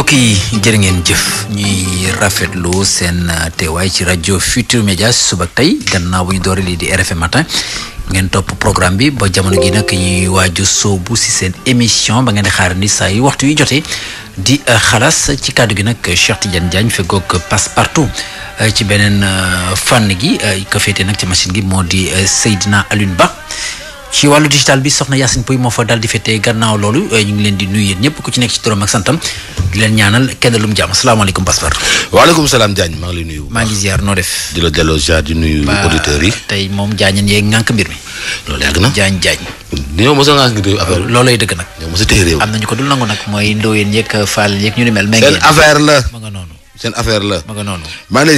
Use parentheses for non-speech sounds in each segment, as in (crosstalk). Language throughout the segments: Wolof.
mbokk yi jërë ngeen jëf ñuy rafetlu seen uh, te waaye ci rajo Futur Media suba tey gannaaw bu ñu door lii di RFM ngeen topp programme bi ba jamono gi nag ñuy waaju soobu si seen émission ba ngeen di xaarandi saa yi waxtu yu jotee di uh, xalaas ci kàddu gi nag Cheikh Tidiane Diagne fegoog passe partout uh, ci beneen fànn gi ko féete nag ci machine gi moo di Seydina Alioune Ba. ci wàllu digital bi soxna Yacine Pouy moo fa daal di fete gannaaw loolu eh, ñu ngi leen di nuyu yéen ñëpp ku ci nekk ci turam ak santam di leen ñaanal kenn lum jàmm asalaamaaleykum Basbar. waaleykum salaam Diagne maa ngi lay nuyu. maa noo def. di la delloo ziar di nuyu yi. tey moom Diagne yee ngànk mbir mi. loolu yàgg na a ngànk réew affaire bi. loolay dëgg nag. a téye réew. am na ko dul nangu nag mooy ndóoyeen yeeg faal yeeg ñu ni mel. seen affaire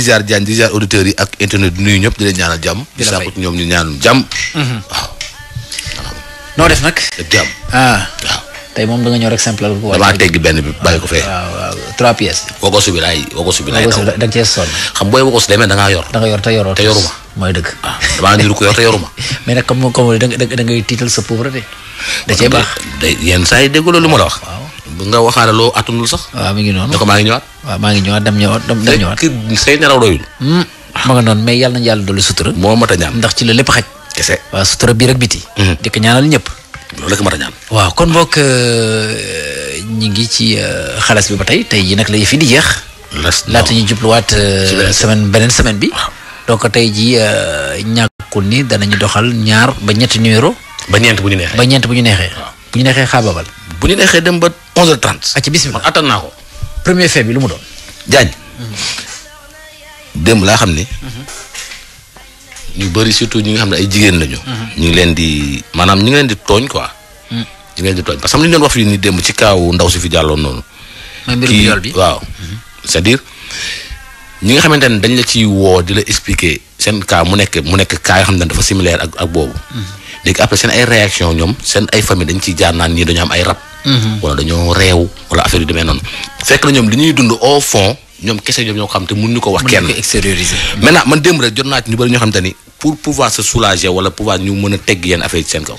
yi ak internet di ñëpp di leen ñaanal jàmm di sàkku ñoom ñu ñaanum jàmm mm-hmm. waaw noo def nag. def jàmm da nga ñëw rek simple benn bi ah, bàyyi ko fee. bi laay wokosu bi xam booy wokosu da ngaa yor. da nga yor te yoroo te yoruma. mooy dëgg. waaw ah, damaa niru yor te yoruma. (laughs) mais nag comme comme da ngay tiital sa pauvreté. da cee baax day yenn saa yi dégguloo lu ma la wax. nga waxaale loo atunul sax. waaw mi ngi noonu ne ko maa ngi ñëwaat. waaw maa ngi ñëwaat dem ñëwaat dem ñëwaat. say nelaw doyul. Hmm, ma nga noonu mais yàlla na yàlla dolli sutura. moo mat a ñaan ndax ci la lépp xaj kese waaw sutura biir ak biti. Mm-hmm. di ko ñaanal ñëpp. loolu la ko mën waaw kon mbokk euh, ñi ngi ci euh, xalas bi ba tey tey jii nag la fii yi di jeex. laata ñu jubluwaat. Euh, semaine beneen semaine bi. donc tey jii ñàkkul ni danañu doxal ñaar ba ñetti numéro. ba ñeent bu ñu neexee ba ñeent bu ñu neexee. bu ñu neexee xaababal. bu ñu neexee dem ba 11h30. ak ah, ci attan naa ko. premier fait bi lu mu doon. Diagne. Mm-hmm. démb laa xam ni. Mm-hmm. ñu bëri surtout ñi nga xam ne ay jigéen lañu. ñu ngi leen di maanaam ñu ngi leen di tooñ quoi. Hmm. ñu ngi di tooñ parce que am na ñu doon wax fii ni démb ci kaawu ndaw si fi jàlloon noonu. mooy bi waaw. cest à ñu ñi nga xamante ne dañ la ciy woo di la expliquer seen kaa mu nekk mu nekk cas yoo xam ne dafa similaire ak ak boobu. Hmm. léegi après seen ay réaction ñoom seen ay famille dañ ciy jaar naan ñii dañoo am ay rab. Hmm. wala dañoo réew wala affaire yu demee noonu. fekk na ñoom li ñuy dund au fond. ñoom kese ñoom ñoo xam te mënuñu ko wax kenn. extérioriser. maintenant man démb rek jot naa ci ñu bëri ñoo xam te ni pour pouvoir se soulager wala pouvoir ñu mën a tegg yenn affaire seen kaw.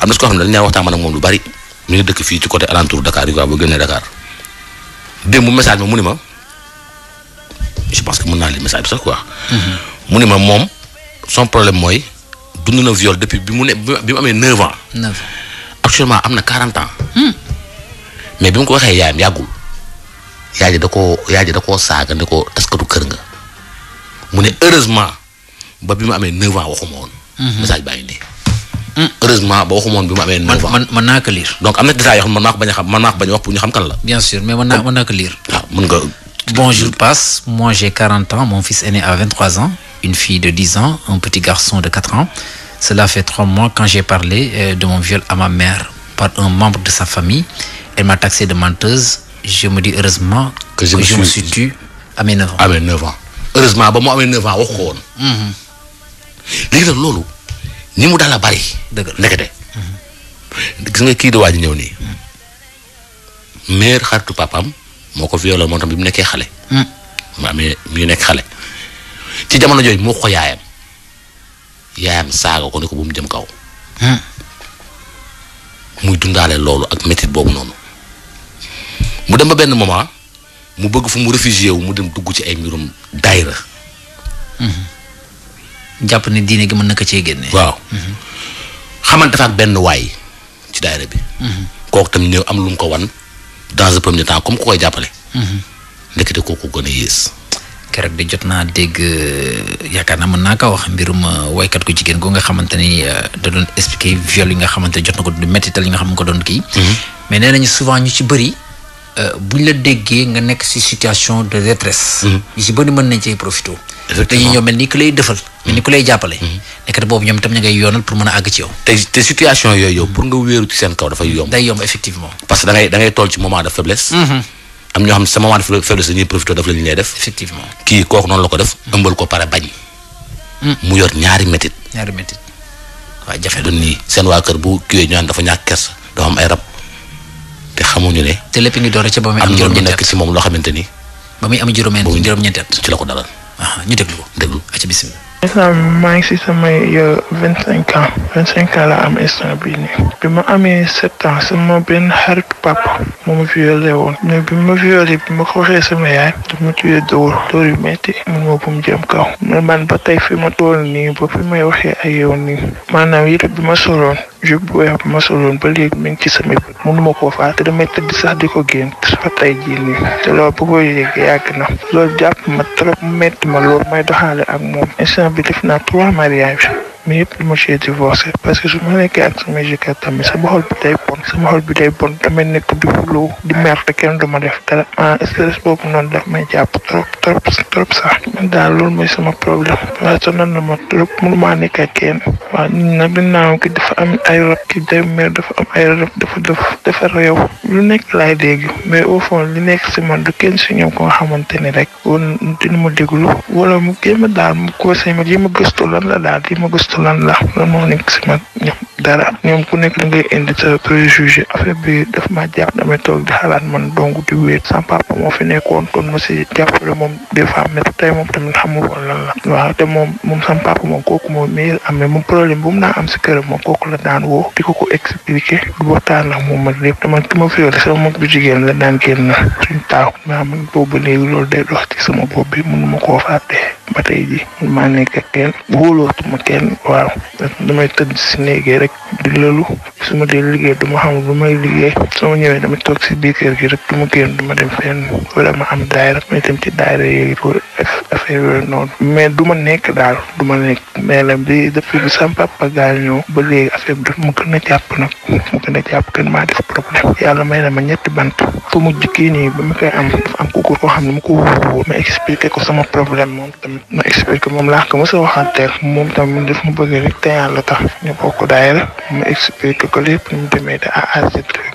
am na si koo xam ne dañu moom lu bari. ñu ngi dëkk fii ci côté alentour Dakar yi quoi ba génnee mu ni ma je pense que mën naa li message bi sax mm-hmm. mu ni ma moom son problème mooy dund na viol depuis bi mu ne bi amee 9 ans. 9 actuellement am na 40 ans. Hmm. mais bi mu ko waxee yaayam yàggul. yaa da koo yaa ji da saaga ne ko taskatu kër nga mu ne heureusement ba bi mu amee neuf ans waxuma woon. Mhm. message baa ngi nii. Hmm. heureusement ba waxuma woon bi mu amee neuf ans. man man naa ko lire. donc am na détail yoo xam ne naa ko bañ a xam man naa ko bañ a wax pour bonjour passe moi j'ai ans mon fils est né à ans une fille de dix ans un petit garçon de quatre ans cela fait trois mois quand j'ai parlé euh, de mon viol à ma mère par un membre de sa famille elle m'a taxé de menteuse. je me dis heureusement. que je me suis que je ba mu amee 9 ans ko woon. Mhm. léegi nag loolu ni mu daal a bari. dëgg la gis nga kii di waaj ñëw nii. Mhm. meer xaritu papaam moo ko violé moo tam bi mu nekkee xale. Mhm. mu amee mu nekk xale. ci jamono jooju moo ko yaayam yaayam saaga ko ne ko bu mu jëm kaw. muy dundaale loolu ak métit boobu noonu. mu dem ba benn moment mu bëgg fu mu réfugié wu mu dem dugg ci ay mbirum daayira. Mhm. jàpp ne diine gi mën na ko cee génne. waaw mhm. xamante fa ak benn waay ci daayira bi. Mhm. kooku tam ñëw am lu mu ko wan dans un premier temps comme ku koy jàppale. ndekete kooku gën a yées. keroog de jot naa dégg euh, yaakaar naa mën naa ko wax mbirum euh, waykat ku jigéen goo nga xamante ni euh, da doon expliquer viol yi nga xamante jot na ko du méttital yi nga xam ko doon kii. mais nee ñu Euh, bu ñu la déggee nga nekk si situation de détresse mhm. ñu si bëri mën nañ cee profité dañuy ñëw mel ni ku lay defal mhm. mel ni ku lay jàppale mhm. nekk te boobu ñoom itam ña ngay yoonal pour mën a àgg ci yow te te situation yooyu yow pour nga wéeru ci seen kaw dafay yomb day yomb effectivement parce que da ngay ci moment de faiblesse am ñoo xam sa moment de faiblesse dañuy profité daf la def effectivement kii kooku noonu la ko def ëmbal ko pare bañ mu yor ñaari métit ñaari métit waaw jafe du nii seen waa kër bu kiwee ñaan dafa ñàkk kersa dafa am ay rab te xamuñu ne. te lépp ngi door ci ba muy am juróom-ñeenti at am na nekk ci moom loo xamante ni. ba muy am juróom-ñeenti at ci la ko dalal. Ah, ñu déglu ko déglu maa ngi si samay euh, vingt cinq ans vingt la am instant bii bi ma amee sept ans sama benn xaritu papa moo ma violé woon mais bi ma violé bi ma ko waxee sama yaay daf ma tuyee dóor dóor yu métti mun moo bu mu jëm kaw mais man ba tey fi ma toll nii ba fi may waxee ak yow nii maanaam yëpp bi ma soloon Diop Boya bu ma soloon ba léegi mi ngi ci sama bët mënuma koo fàtte damay tëdd sax di ko gént ba tey te loolu bu ko yéegee yàgg na loolu jàpp ma trop metti ma loolu may doxaale ak moom instant bi def naa trois mariages mais yëpp dama cee divorcé parce que su ma nekkee ak sama jëkkër tamit sama xol bi day bon sama xol bi day bon damay nekk di fuloo di mer te kenn du ma def dara ah stress may jàpp trop trop sax man mooy sama problème waaye sonal na ma trop mënu maa nekk ak waaw ñun nag ki dafa am ay rab ki day dafa am ay rab dafa def dafa réew lu nekk laay dégg mais au fond li nekk si man du kenn si ñoom ko nga xamante ni rek woon dina ma déglu wala mu jéem a daal mu conseil ma jéem gëstu lan la daal di ma gëstu lan la loolu moo nekk si mag ñoom dara ñoom ku nekk da ngay indi sa préjugé affaire bi daf ma jaax damay toog di xalaat man dong di wéet sama moo fi nekkoon kon ma si jàppale moom des fois mais tey moom tamit xamul lan la waaw te moom moom sama papa moom kooku moom miir am mais moom problème mu naa am si këram moom kooku la daan woo ko ko expliqué du waxtaan ak moom ak lépp dama ki ma bu jigéen la daan génn suñ taaw maa man boobu léegi loolu day dox ci sama bopp bi mënuma koo fàtte ba tey ji maa nekk ak kenn wóolootuma kenn waaw damay tëdd si néegee rek di lëlu su ma dee liggéey du ma xam lu may liggéey soo ñëwee dama tox si biir kër gi rek du ma génn du ma dem fenn wala ma am daayira may dem ci daayira yooyu pour mais du ma nekk daal du ma nekk mais nag bi depuis bi sama papa gaal ñëw ba léegi affaire bi daf ma gën a jàpp nag ma gën a jàpp gën ma def problème yàlla may na ma ñetti bant fu mu jikkii nii ba ma koy am dafa am xam ne ma ko ma expliqué ko sama problème moom tamit ma expliqué moom laa ko mos a moom tamit def bëgg rek te yàlla tax ñu bokk daayira mu expliqué ko lépp ni mu demee de A à Z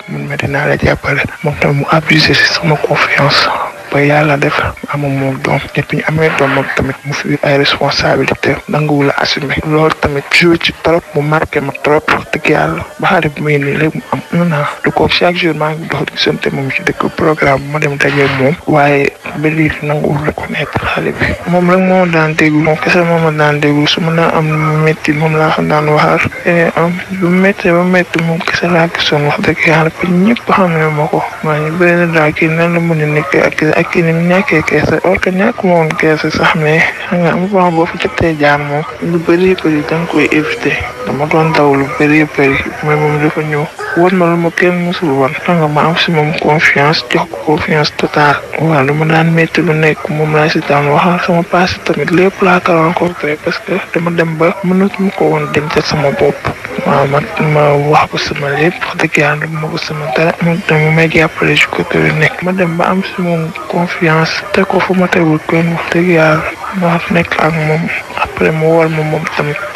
mun ma dinaa la jàppale mu abusé si sama confiance ba yàlla def amu moom doom nit bi ñu amee doom moom tamit mu fi ay responsabilité nanguwu la assumé loolu tamit joué ci trop mu marqué ma trop dëgg yàlla ba xale bi muy nii léegi mu am un an du ko chaque jour maa ngi dox gisante moom ci dëkk programme ma dem dajee moom waaye ba léegi nanguwul reconnaître bi moom rek moo daan déglu moom kese daan déglu su ma am lu métti moom la xam daan waxal te am lu métti ba moom kese laa gisoon wax dëgg yàlla ñëpp xam ne moo ko maa ngi bëri na daal kii nan la mën a nekkee ak ak ni mu ñàkkee keese or que ñàkk moom keese sax mais xam nga am na boo fa jotee jaan moom lu bëri bëri da nga koy éviter dama doon taw lu bëri bëri mais moom dafa ñëw. wan ma lu ma kenn mësul wan xam nga ma am si moom confiance jox ko confiance totale waaw lu ma daan métti lu nekk moom laa si daan waxal sama passé tamit lépp laa ko rencontré parce que dama dem ba mënatuma ko woon dem ca sama bopp waaw ma ma wax ko sama lépp wax dëgg yàlla ma ko sama dara moom tamit mu may jàppale si côté lu nekk ma dem ba am si moom confiance te ko fu ma tegul kenn wax dëgg yàlla ma nekk ak moom après mu war ma moom tamit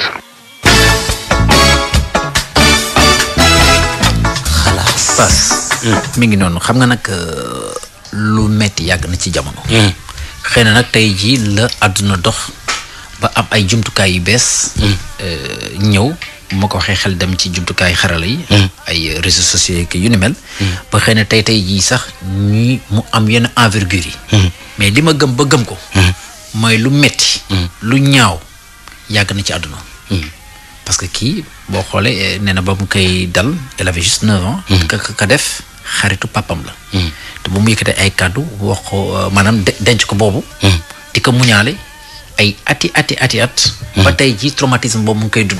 pass hmm. mi ngi noonu xam nga nag euh, lu metti yàgg na ci jamono. Hmm. xëy na nag tey jii la àdduna dox ba am ay jumtukaay yu bees. Hmm. Euh, ñëw bu ma ko waxee xel dem ci jumtukaay xarala yi. ay réseaux sociaux yeeg yu ni mel. ba xëy na tey tey jii sax ñi mu am yenn envergure yi. mais li ma gëm ba gëm ko. mooy lu metti lu ñaaw yàgg na ci àdduna. parce que kii boo xoolee eh, nee na ba mu koy dal elle avait juste neuf ans. Hmm. ka ka def xaritu papam la. Hmm. te bu mu yëkkatee ay kàddu wax ko euh, maanaam denc ko boobu. Hmm. di ko muñaale ay ati ati ati at. ba tey ji traumatisme boobu mu koy dudd.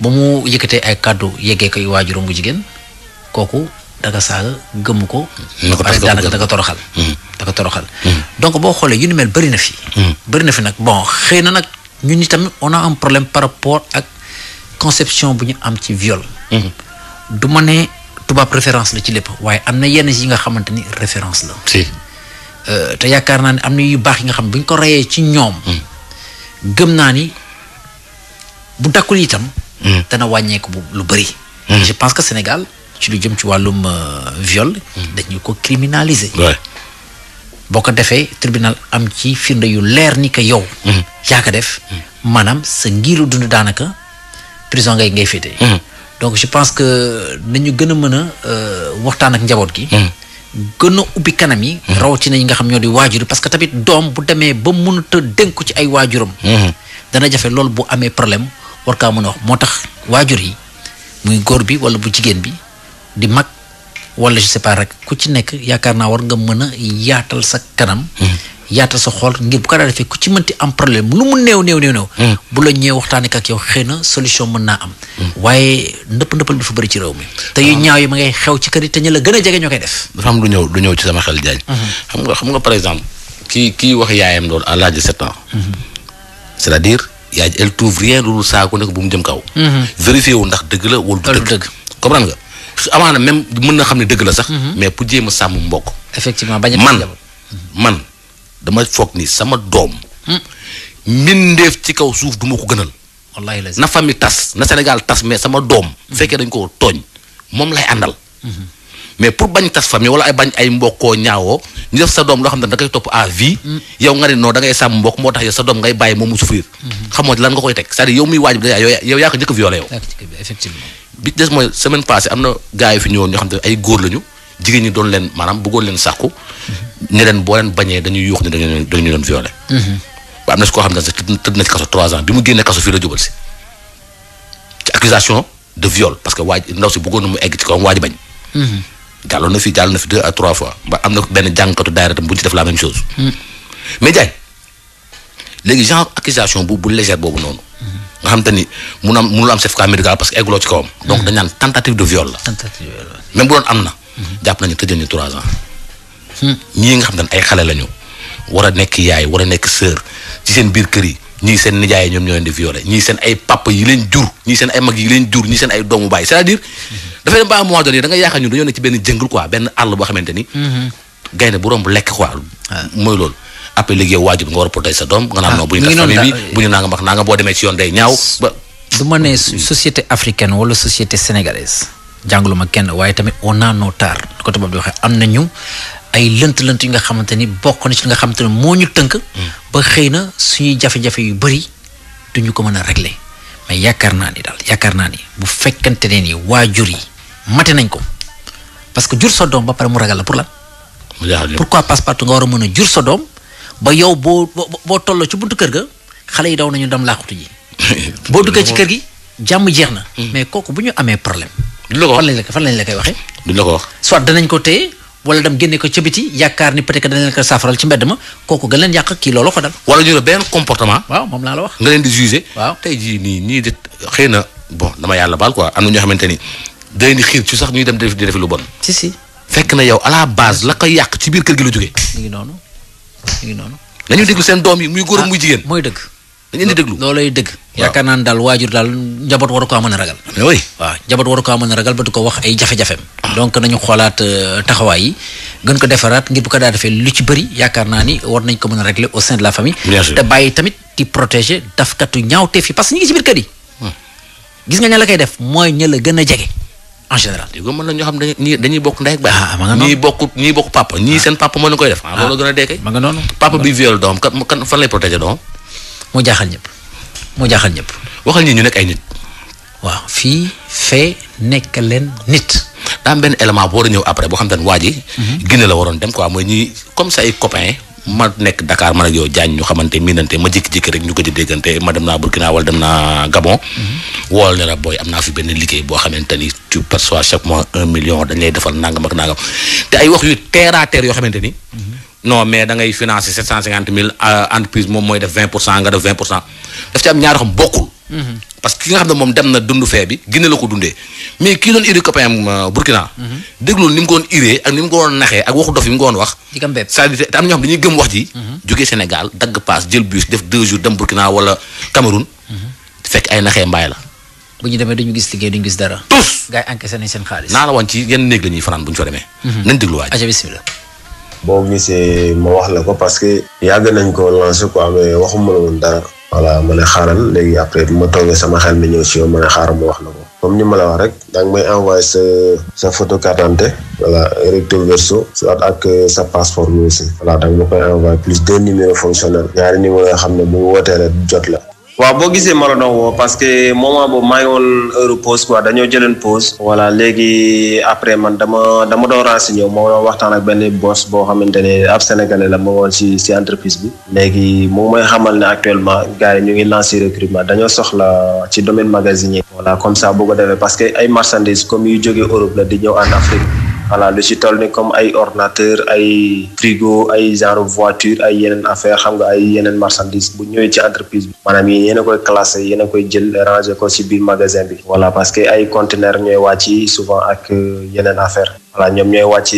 ba mu yëkkatee ay kàddu yeggee koy waajuram bu jigéen kooku daga saaga gëmm ko. parce que daanaka daga toroxal. daga donc boo xoolee yu ni mel bëri fi. bëri fi nag bon xëy na nag. ñun itam on a un problème par rapport ak conception bu ñu am ci viole mhm. du ma ne tubaab référence la ci lépp waaye am na yenn yi nga xamante ni référence la. si euh, te yaakaar naa ne am na yu baax yi nga xam ne bu ñu ko reyee ci ñoom. Mhm. gëm naa ni bu dakkul itam. Mhm. dana wàññeeku bu lu bëri. je pense que Sénégal ci lu jëm ci wàllum euh, viol. dañu ko criminaliser. boo ko defee tribunal am ci firnde yu leer ni que yow. Mhm. yaa ko def mhm. maanaam sa ngiiru dund daanaka prison ngay ngay féete. Mhm. donc je pense que nañu gën a mën a euh, waxtaan ak njaboot gi. gën a ubbi kanam yi. rawatina ñi nga xam ñoo di waajur parce que tamit doom bu demee ba mënut a dénku ci ay waajuram. dana jafe lool bu amee problème war kaa mën a wax moo tax waajur yi muy góor bi wala bu jigéen bi di mag. wala je sais pas rek ku ci nekk yaakaar naa war nga mën a yaatal sa kanam. Hmm. yaatal sa xool ngir bu ko daa defee ku ci mënti am problème lu mu néew néew néew néew. Hmm. bu la ñëwee waxtaanee ak yow xëy na solution mën naa am. Hmm. waaye ndëpp ndëppal bi dafa bëri ci réew mi. te yu ah. ñaaw yi ma ngay xew ci kër te ñu la gën a jege ñoo koy def. dafa am lu ñëw lu ñëw ci sama xel jaañ. xam nga xam nga par exemple. kii kii wax yaayam loolu à l'âge de c'est-à-dire yaay elle trouve rien lu saako nekk bu mu jëm su amaana même mën na xam ne dëgg la sax. Mhm. mais pour jéem a sàmm mbokk. effectivement bañ man mhm. man dama foog ni sama doom. Hmm. mbindeef ci kaw suuf du ma ko gënal. wallaahi la na famille tas na Sénégal tas mais sama doom. Hmm. fekkee dañ koo tooñ moom lay àndal. Mhm. mais pour bañ tas famille wala ay bañ ay mbokkoo ñaawoo ñu def sa doom loo xam ne da koy topp à vie mm. nga ne non da ngay sàmm mbokk moo tax sa doom ngay bàyyi moom mu souffrir mm-hmm. xamoo lan nga koy teg c'est-à-dire yow muy waaj bi dayaa yow yaa ko njëkk violé yow bi am na gars yi xam ne leen maanaam bëggoon leen sàkku mm-hmm. ne boo leen bañee dañuy yuux ne dañu dañu doon violé mm-hmm. ba am na si koo xam ne sax tëdd na ci kaso trois ans bi mu génnee kaso fii la jubal si ci accusation de viol parce que waaj ndaw si bëggoon na mu egg ci kawam waaj bañ jàlloon na fi jàll na fi deux a trois fois ba am na benn jàngkatu daayira tam bu ñu ci def la même chose. Hmm. mais Diagne léegi genre accusation bu bu légère boobu noonu. nga xam te ni mun am munul am certificat médical parce que egguloo ci kawam. Hmm. donc dañ naan tentative de viol la. tentative bu doon am na. Hmm. jàpp nañu tëjee ñu trois ans. ñii nga xam te ne ay xale lañu war a nekk yaay war a nekk sœur ci seen biir kër yi ñii seen nijaay ñoom ñoo leen di violé ñii seen ay papa yi leen jur ñii seen ay mag yi leen jur ñii seen ay doomu baay c'est-à-dire mhm. dafa ba am moment donné da nga yaakaar ñun dañoo ne ci benn jëngul quoi benn àll boo xamante ni mhm. gaynde bu romb lekk quoi ah. mooy loolu après léegi yow waajur nga war a protéger sa doom nga naan ah, non bu ñu tas famille bi bu ñu naa nga max naa nga boo demee ci yoon day ñaaw ba du ma ne société africaine wala société sénégalaise jàngalu ma kenn waaye tamit on a nos torts ko tubaab di waxee am nañu ay lënt-lënt yu nga xamante ni bokk na ci nga xamante ne moo ñu tënk. ba xëy na suñuy jafe-jafe yu bëri du ñu ko mën a régler mais yaakaar naa ni daal yaakaar naa ni bu fekkante ne waa jur yi mate nañ ko parce que jur sa doom ba pare mu ragal la pour lan. pourquoi passe partout nga war a mën a jur sa doom ba yow boo boo tolloo ci buntu kër ga xale yi daw nañu dem laaxutu ji. (laughs) boo duggee ci kër gi jàmm jeex na. Hmm. mais kooku bu ñu amee problème. du la ko wax fan lañ la koy waxee. du la ko wax danañ ko téye. wala dem génne ko ca biti yaakaar ni peut-être que dana leen ko saafaral ci mbedd ma kooku gën leen yàq kii loolu ko dal. wala ñu ne benn comportement. waaw moom laa la wax. nga leen di jugé. tey jii nii ñii di xëy na bon dama yàlla baal quoi am na ñoo xamante ni da leen di xiir ci sax ñuy dem di def di def lu bon. si si fekk na yow à la base la koy yàq ci biir kër gi la jógee. ngi noonu mi ngi noonu. nañu déglu seen doom yi muy góor muy ah, jigéen mooy dëgg dañu indi déglu loolay dëgg yaakaar naan daal waajur daal njaboot waru a mën a eh mën a ragal ba du ko wax ay jafe-jafeem donc nañu xoolaat euh, taxawaay yi gën ko defaraat ngir ko daa defee lu ci bëri yaakaar naa ni war nañ ko mën a régler au sein de tamit di protéger dafkatu ñaawteef yi parce que ñu ngi ci biir hmm. mooy ña la gën a jege en général di ko bokk ndey ak baay ah, ah. ah. a deekay ma nga noonu kan fan lay protéger doom moo jaaxal ñëpp moo jaaxal ñëpp. waxal ñi ñu nekk ay nit. waaw fii fee nekk leen nit. daa am benn élément boo war a ñëw après boo xam te ne waa ji. Mhm. Guinée la waroon dem quoi mooy ñi comme say copain ma nekk Dakar man ak yow jaañ ñu xamante miinante ma jékki-jékki rek ñu ko di déggante ma dem naa Burkina wala dem naa Gabon. Mhm. wool ne la booy am naa fi benn liggéey boo xamante ni tu perçois chaque mois un million dañ lay defal nangam ak nangam te ay wax yu terre à yoo xamante ni. Mhm. non mais da ngay financer sept cent cinquante mille euh, entreprise moom mooy def vingt pour cent nga def vingt pour cent daf ci am ñaar xam bokkul. Mhm. parce que nga xam ne moom dem na dund fee bi Guinée la ko dundee mais kii doon iri copain am euh, Burkina. Mhm. dégluwul ni mu ko doon ak ni mu ko naxee ak waxu dof yi mu ko wax. te am ñoo xam dañuy gëm wax ji. Mhm. jógee Sénégal dagg paas jël bus def deux jours dem Burkina wala Cameroun. fekk ay naxee mbaay la. bu ñu demee boo gisee ma wax la ko parce que yàgg nañ ko lancé quoi mais waxuma la woon dara. voilà ma ne xaaral léegi après ma toogee sama xel mi ñëw si ma ne xaaral ma wax na ko comme ni ma la wax rek da nga may envoyé sa sa photo carte d'identité voilà recto soit ak euh, sa passeport bi aussi voilà da nga ma koy envoyé plus deux numéros fonctionnels ñaari numéros yoo xam ne bu wootee rek jot la. waaw boo gisee malo la woo parce que moment boobu maa woon heure pause quoi dañoo jëleen pause voilà léegi après man dama dama doon renseigné moo waxtaan ak benn boss boo xamante ne ab sénégalais la ma woon si si entreprise bi léegi moom mooy xamal ne actuellement gars yi ñu ngi lancé recrutement dañoo soxla ci domaine magasinier voilà comme ça boo ko defee parce que ay marchandises comme yu jógee Europe la di ñëw en Afrique voilà lu si toll ni comme ay ordinateur ay frigo ay genre voiture ay yeneen affaire xam nga ay yeneen marchandise bu ñëwee ci entreprise bi maanaam yi yéen a koy classé yéen a koy jël ranger ko si biir magasin bi wala parce que ay conteneur ñooy wàcc souvent ak euh, yeneen affaire voilà ñoom ñooy wàcc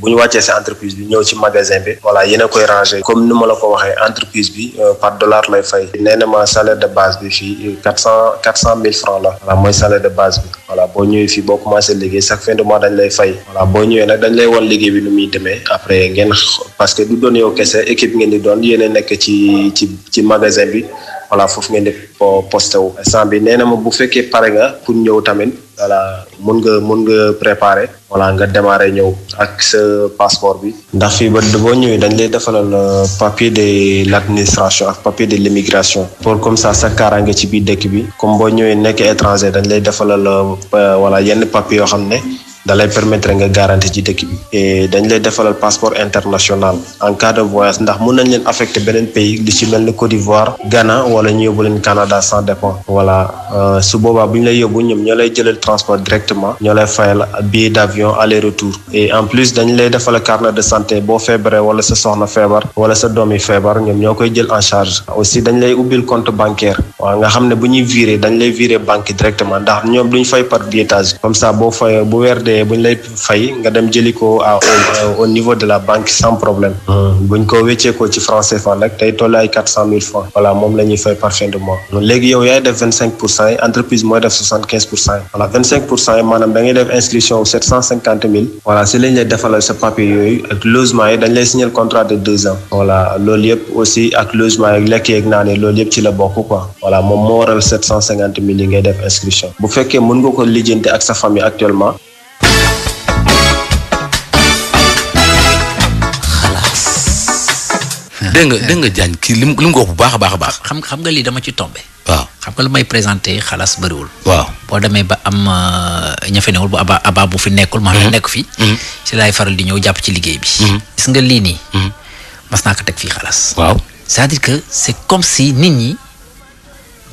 bu ñu wàccee si entreprise bi ñëw ci magasin bi voilà yéen a koy rangé comme ni ma la ko waxee entreprise bi euh, par dollar lay fay nee na ma salaire de base bi fii euh, quatre cent quatre cent mille francs la voilà mooy salaire de base bi voilà boo ñëwee fi boo commencé liggéey chaque fin de mois dañ lay fay voilà boo ñëwee nag dañ lay wan liggéey bi nu muy demee après ngeen parce que du doon yow kese équipe ngeen di doon yéen a nekk ci ci ci magasin bi voilà foofu ngeen di posté wu instant bi nee na ma bu fekkee pare nga pour ñëw tamit voilà mun nga mun nga préparer voilà nga démarrer ñëw ak sa passeport bi ndax fii ba boo ñëwee dañ lay defalal euh, papier de l'administration ak papier de l'immigration pour comme ça sa kaaraange ci biir dëkk bi comme boo ñëwee nekk étranger dañ lay defalal wala euh, yenn papier yoo xam ne dalay permettre nga garanti ci dëkk bi et dañ lay defalal passeport international en cas de voyage ndax mun nañ leen affecté beneen pays li ci mel ni Côte d'Ivoire Ghana wala ñu yóbbu leen Canada sans dépend voilà euh, su boobaa bu ñu lay yóbbu ñoom ñoo lay jëlal transport directement ñoo lay fayal billet d'avion aller retour et en plus dañ lay defal carnet de santé boo feebaree wala sa soxna feebar wala sa doomi feebar ñoom ñoo koy jël en charge aussi dañ lay ubbil compte bancaire waaw nga xam ne bu ñuy viré dañ lay viré banque directement ndax ñoom duñ fay par bu ñu lay fay nga dem jëli ko au niveau de la banque sans problème. Hmm. buñ ko wécceekoo ci franc CFA nag tey toll quatre cent mille francs voilà moom la fay par de mois. léegi yow yaay def vingt cinq pour cent entreprise mooy def soixante quinze pour cent yi. voilà vingt cinq pour cent yi da ngay def mille. voilà si lañ defalal sa papier yooyu ak yi dañ lay signer contrat de deux ans. voilà loolu yëpp aussi ak logement yi dégg nga dégg nga Diagne kii li lim ko bu baax a baax a baax. xam xam nga lii dama ci tombé. waaw xam nga la may présenté xalaas bëriwul. waaw boo demee ba am ña fi newul bu aba aba bu fi nekkul. ma nekk fii ci laay faral di ñëw jàpp ci liggéey bi. gis nga lii nii. mas naa ko teg fii xalaas. waaw c'est-à-dire que c'est comme si nit ñi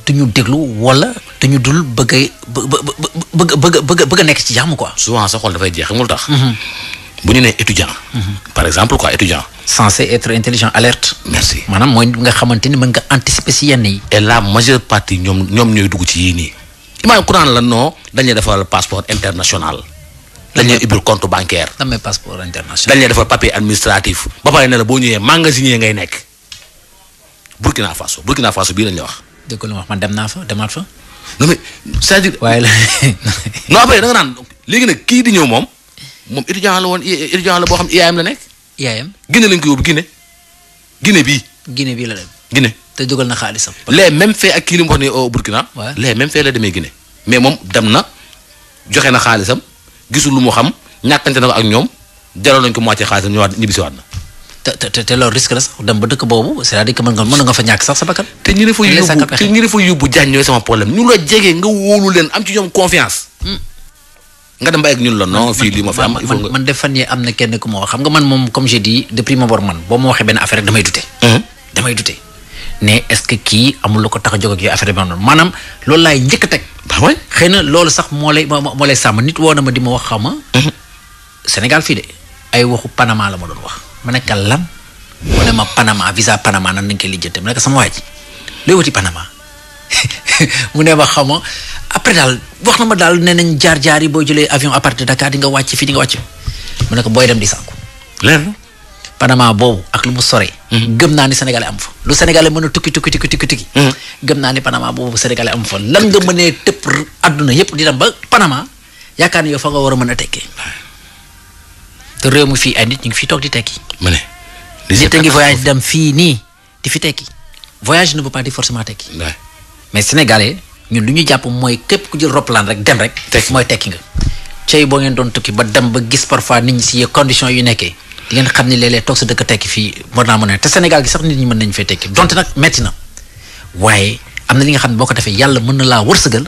duñu déglu wala duñu dul bëgg a bëgg bëgg bëgg bëgg a nekk ci jàmm quoi. souvent sa xol dafay jeex xam nga lu tax. bu ñu nee étudiant. Mhm. par exemple quoi étudiant. censé être intelligent alerte. merci maanaam mooy nga xamante ni mën nga anticiper si yenn yi. et la majeure partie ñoom ñoom ñooy dugg ci yii nii. imaam kuraan la non dañuy defal passeport international. dañ lay ubbil compte bancaire. lan mooy passeport international. dañ lay defal papier administratif. ba pare ne la boo ñëwee magasinier ngay nekk Burkina Faso Burkina Faso bii lañ la wax. dëgg la wax man dem naa fa demaat fa. non mais c'est-à-dire. waaye la (laughs) naan léegi nag kii di ñëw moom. moom étudiant la woon étudiant la boo xam IAM e la nekk. IAM e Guinée lañ ko yóbbu Guinée. Guinée bii. Guinée bii la dem. Guinée. te dugal na xaalisam. les mêmes faits ak kii li mu wax nii au Burkina. waaw les mêmes demee Guinée. mais moom dem na joxe na xaalisam gisul lu mu xam ñàkkante na ko ak ñoom delloo nañ ko moitié xaalisam ñëwaat ñibbisiwaat na. te te te loolu risque la sax dem ba dëkk boobu c'est-à-dire que mën nga mën nga fa ñàkk sax sa bakkan. te ñi ne fa yóbbu jaañ ñooy sama problème leen am ci ñoom nga dem bàyyi ak ñun la non am na kenn ku ma wax xam nga man moom comme j'ai dit depuis ma bor man boo ma waxee benn affaire rek damay dute. Mhm. damay dute ne est-ce que kii amul lu ko tax a jóg ak yooyu affaire bi noonu maanaam loolu laay njëkk teg. waaw ah xëy na loolu sax moo lay moo lay nit woo na ma di ma wax xaw ma. Mhm. Sénégal fii de ay waxu Panama la ma doon wax. ma nekk lan mu ne ma Panama visa Panama nan nañ koy lijjante ma nekk sama waa ji looy wuti Panama. (laughs) (laughs) mu ne ma xama après daal wax na ma daal nee nañ jaar jaar yi boo jëlee avion à partir de Dakar di nga wàcc fii di nga wàcc mu ne booy dem di sànku. leer na. Panama boobu ak lu mu sore. Hmm. gëm naa ni sénégalais am fa. lu sénégalais mën a tukki tukki tukki tukki hmm. gëm naa ni Panama boobu sénégalais am fa lan nga mënee tëpp àdduna yëpp di dem ba Panama yaakaar ni yow fa nga war a mën a tekkee. te réew mi fii ay nit ñu ngi fii toog di tekki. ma ne. nit a ngi voyage dem fii nii di fi tekki voyage ne veut pas dire mais sénégalais ñun lu ñu jàpp mooy képp ku jël roppalaan rek dem rek. mooy tekki nga. cey boo ngeen doon tukki ba dem ba gis parfois nit ñi si condition yu nekkee di ngeen xam ni léeg-léeg sa dëkk tekki fii war naa te Sénégal gi sax nit ñi mën nañu fay tekki donte nag metti na waaye am na li nga xam ne boo ko defee yàlla mën na laa wërsëgal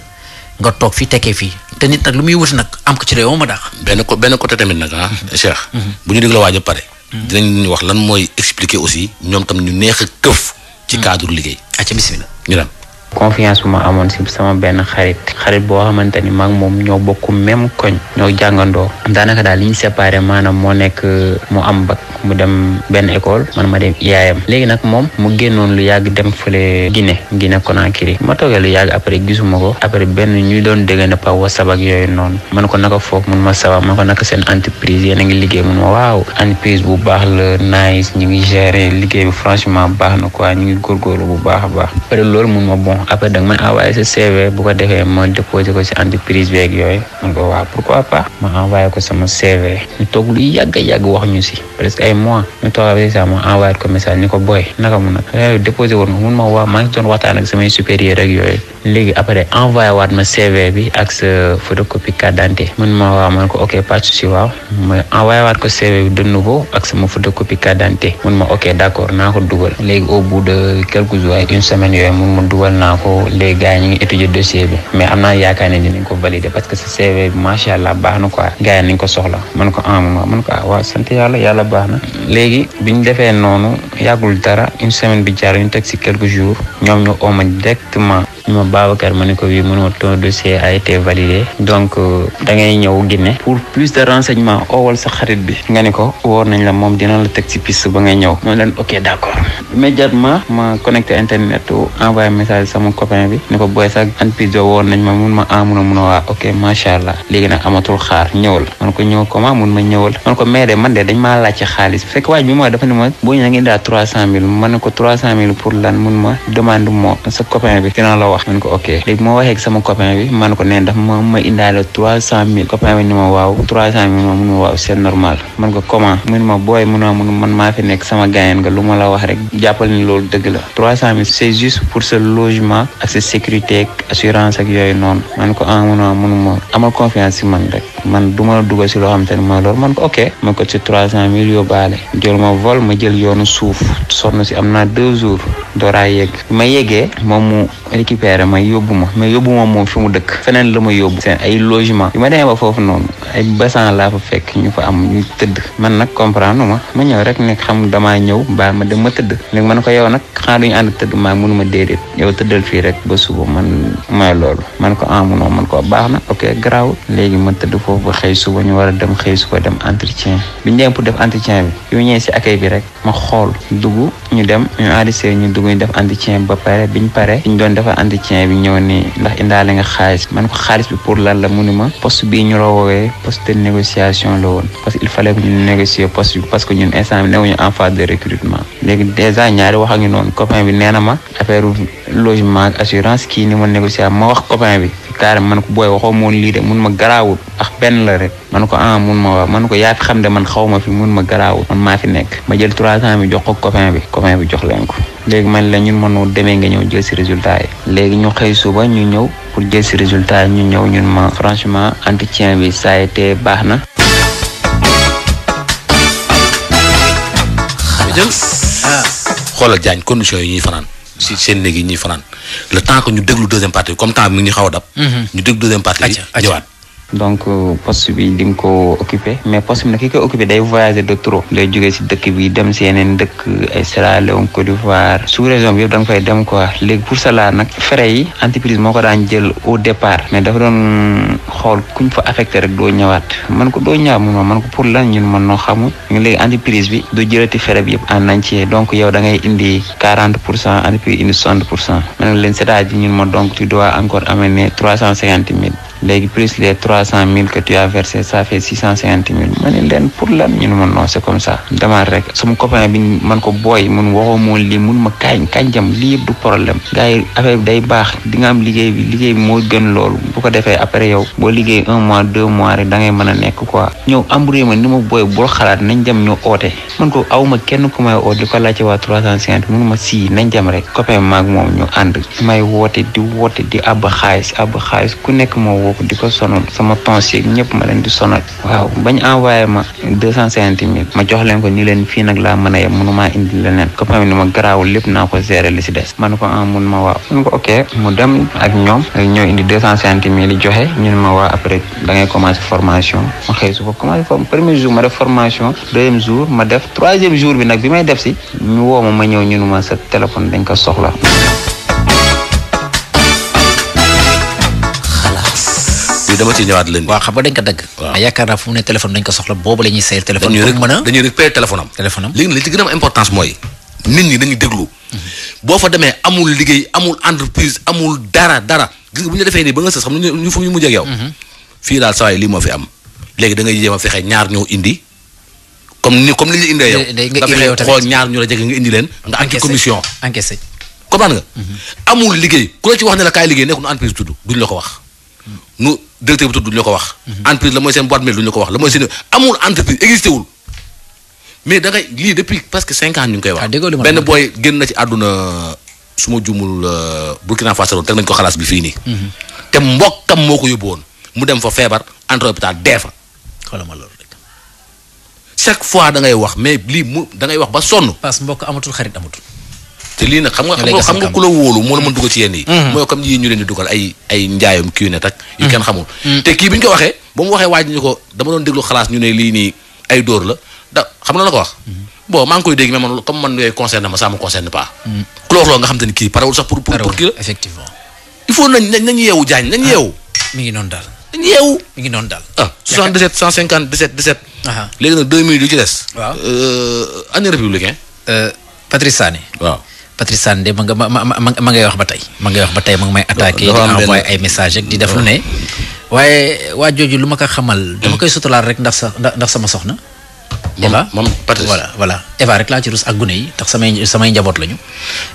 nga toog fii tekkee fii te nit lu muy wuti nag am ko ci réew ma daax. benn ko benn côté tamit nag ah. Mm-hmm. Cheikh. Mm-hmm. bu ñu dégloo waaj a pare. Mm-hmm. dinañ wax lan mooy expliquer aussi ñoom tam ñu neex a këf. ci cadre liggéey. acca bismillah ñu dem. confiance bu ma amoon si sama benn xarit xarit boo xamante ni maag moom ñoo bokk même koñ ñoo jàngandoo daanaka daal li ñu séparé maanaam moo nekk mu am bac mu dem benn école man ma dem IAM léegi nag moom mu génnoon lu yàgg dem ngi fële Guinée Guinée Conakry ma toogee lu yàgg après gisuma ko après benn ñu doon dégg ne par WhatsApp ak yooyu noonu man ko naka foofu mun ma sabab man ko naka seen entreprise yéen a ngi liggéey mun ma waaw entreprise bu baax la nice ñu ngi gérer liggéey bi franchement baax na quoi ñu ngi góorgóorlu bu baax baax après da nga may envoyé sa CV bu ko defee ma déposé ko si entreprise beeg yooyu man ko waaw pourquoi pas ma envoyé ko sama CV ñu toog lu yàgg a wax ñu si presque ay mois ñu toog avec ça ma envoyé ko message ni ko boy naka mun a déposé woon nga mun ma waaw maa ngi waxtaan ak samay supérieur ak yooyu léegi après envoyé waat ma CV bi ak sa photocopie carte d'identité mun ma waaw man ko ok pas si waaw ma envoyé ko CV bi de nouveau ak sama photocopie carte d'identité mun ma ok ko dugal léegi au bout de quelques jours une semaine yooyu mun ma dugal naa ko léegi gars yi ñu ngi étudier dossier bi mais am naa yaakaar ne que sa CV bi baax na quoi gars yi ko soxla man ko ah man ko ah waaw sant baax na léegi bi ñu defee noonu yàggul dara une semaine bi jaar ñu teg si quelques jours ñoom ñu directement ni ma Babacar ma ne wii mu ma ton dossier a été validé donc da ngay ñëw pour plus de renseignement oowal bi nga ni ko woor nañ la moom dina la teg ci ba ngay ñëw ma mun ma ah mun a mun a allah léegi nag amatul xaar ñëwal man ko ñëw comment mun ma ñëwal man ko mais man de dañ maa laajte xaalis fekk waaj bi ma dafa ne boo ñëwee nga indi trois cent ne ko trois pour lan mun ma demande moo sa copain bi dina la wax man ko ok ma ma indaale trois cent mille copain bi ni ma waaw trois cent mille ma mun ma waaw c'est normal man ko comment mun man maa ma la wax rek jàppal si ah, loo xam te ne mooy loolu man ko ko ci trois cent mille yoo jël ma vol ma jël yoonu suuf sonn si am na deux jours dooraa yegg ma yeggee moom mu récupérer may yóbbu ma mais yóbbu ma moom fi mu dëkk feneen la ma yóbbu seen ay logement bi ma demee ba foofu noonu ay basan laa fa fekk ñu fa am ñu tëdd man nag comprendre ma ma ñëw rek ne xam damaa ñëw ba ma dem tëdd fii rek ba suba man mooy loolu man ko amunoo ah, man ko baax na ok garaawul léegi ma tëdd foofu ba xëy suba ñu war a dem xëy suba dem entretien bi ñu dem pour def entretien bi yu ñëwee si accueil bi rek ma xool dugg ñu dem ñu enregistré ñu dugg ñu def entretien entretien bi ñëw ni ndax indaale nga xaalis man ko xaalis bi pour lan la mu ni ma poste bii ñu la woowee poste de négociation la woon parce que il fallait que ñu négocier parce que ñun instant bi newuñu en phase de dèjà ñaari wax ak ñu noonu bi nee na ma affaire logement assurance kii ni ma négocier ma wax copain bi carrément man ko booy waxoo moon lii de mun ma garaawul ax benn la rek man ko ah mun ma wax man ko yaa xam de man xawuma ma fi mun ma garaawul man maa fi nekk ma jël trois ans bi jox ko copain bi copain bi jox leen ko léegi man la ñun mënoo demee nga ñëw jël si résultat yi léegi ñu xëy suba ñu ñëw pour jël si résultat yi ñu ñëw ñun ma franchement entretien bi ça a été baax na. Ah. xoolal jaañ condition yi ñuy fanaan si seen néeg yi ñuy fanaan le temps que ñu déglu deuxième partie comme temps bi mu ngi xaw a dab. Mhm. ñu déglu deuxième partie bi ñëwaat. donc poste bi di nga ko occupé mais poste na nag ki koy occupé day voyager de trop day jógee si dëkk bi dem si yeneen dëkk ay Sierra Leone Côte d'Ivoire sous région bi yëpp da nga fay dem quoi léegi pour cela nag fere yi entreprise moo ko daan jël au départ mais dafa doon xool kuñ fa affecté rek doo ñawaat man ko doo ñëwaat mun man ko pour lan ñun mën noo xamul entreprise bi du jëlati frais bi yëpp en entier donc yow da ngay indi quarante pour cent entreprise indi soixante pour cent man leen cest à cent cinquante mille léegi plus les trois cent mille que tu as versé ça fait six cent cinquante mille ma ne leen pour lan ñu ne ma non c'est comme ça demaat rek yëpp du problème gars yi affaire bi day baax di nga am liggéey bi liggéey bi moo gën loolu bu ko defee après yow boo liggéey un mois deux mois rek da ngay mën a nekk quoi ñëw amburé ma ni ma booy bul xalaat nañ dem ñu oote man ko awma kenn ku may oot di ko laajte waa trois cent cinquante mun ma sii nañ dem rek copain maag moom ñu ànd may woote di woote di àbb xaalis àbb xaalis ku nekk ñëpp di ko sonal sama pensée ñëpp ma leen di sonal waaw bañ envoyé ma deux cent cinquante mille ma jox leen ko ni leen fii nag laa mën a yem mënumaa indi leneen comme xam ne ma garaawul lépp naa ko gérer li des man ko ah mun ma waaw mun ko ok mu dem ak ñoom ñoo indi deux cent mille joxe ñun ma waa après da ngay commencé formation ma xëy su ko commencé premier jour ma def formation deuxième jour ma def troisième jour bi nag bi may def si ñu woo ma ma ñëw ñun ma sa téléphone dañ ko soxla dama ci ñëwaat leen. waaw xam nga dañ ko dagg. waaw yaakaar naa fu mu ne téléphone dañ ko soxla boobu la ñuy sayal téléphone. mën a dañuy récupérer téléphone am. téléphone am léegi li ci gën a am importance dañuy déglu. Mhm. boo fa demee amul liggéey amul entreprise amul defee nii ba nga sës xam ne ñu fu ñu mujj mhm. fii daal saa lii moo fi am. léegi da ngay jéem a fexe ñaar ñoo indi comme ni comme ni ñu indee yow. nga indi leen. nga am ci commission encaissé nga. Mhm. amul liggéey ku la ci directeur bi tudd du ñu ko wax. entreprise la mooy seen boîte mail du ñu ko wax la mooy seen amul entreprise existé mais da ngay lii depuis presque cinq ans ñu ngi koy wax. Ah, benn booy génn na ci àdduna su ma juumul euh, Burkina Faso woon teg nañu ko bi fii nii. Mm-hmm. te mbokkam moo ko yóbbu mu dem fa feebar entre hôpital dee fa. chaque fois da ngay wax mais lii mu dangay wax ba sonn. parce que mbokk amatul xarit amatul. te lii nag xam nga xam nga ku la wóolu moo la mën dugal ci yenn yi hmm. mooy comme yii ñu leen di dugal ay ay njaayum kii ne tak yu hmm. kenn xamul hmm. te kii bi ñu ko waxee ba mu waxee waaj ñu ko dama doon déglu xalaas ñu ne lii nii ay dóor la da xam na la ko wax bon maa ngi koy dégg mais man comme man yooyu concerne ma ça me concerne pas ku la wax loolu nga xam te ni kii parewul sax pour pour kii la effectivement il faut nañ nañ yeewu jaañ nañ ah, yeewu mi ngi noonu daal nañ yeewu mi ngi noonu daal ah 77 150 17 17 léegi nag deux Patrice Sandé ma nga ma ma ma ngay wax ba tey ma ngay wax ba tey ma ngi may attaqué di envoyé ay lu ne waaye waa jooju lu ma ko xamal dama koy suturaal rek ndax sa ndax sama soxna ma moom Patrice voilà voilà Eva rek laa ci rus ak gune yi ndax samay samay njaboot lañu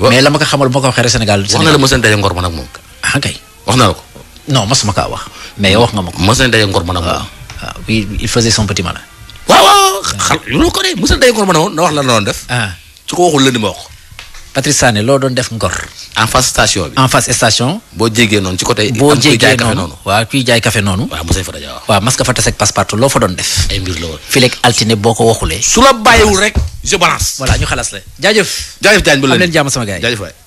mais la ma ka xamal bu ma ko waxee rek Sénégal wax na la mos a daje ngor ma nag moom ah kay wax na la ko ma non ma kaa wax mais wax nga ma ko mos a daje ngor ma nag moom waaw il faisait son petit malin waaw waaw xal lu ko ne a ma nag moom na wax la na doon def ah. su ko waxul lënd ma Patrice Sané loo doon def Ngor. en face station bi en face station. boo jégee noonu ci côté. boo jégee noonu waaw kuy jaay café noonu. waaw mos a fa dajoo waaw. waaw fa tase Passepartout loo fa doon def. ay mbir la woon altine boo ko waxulee. su la bàyyiwul rek je balance. voilà ñu xalaas la jaajëf. am leen jàmm sama gars yi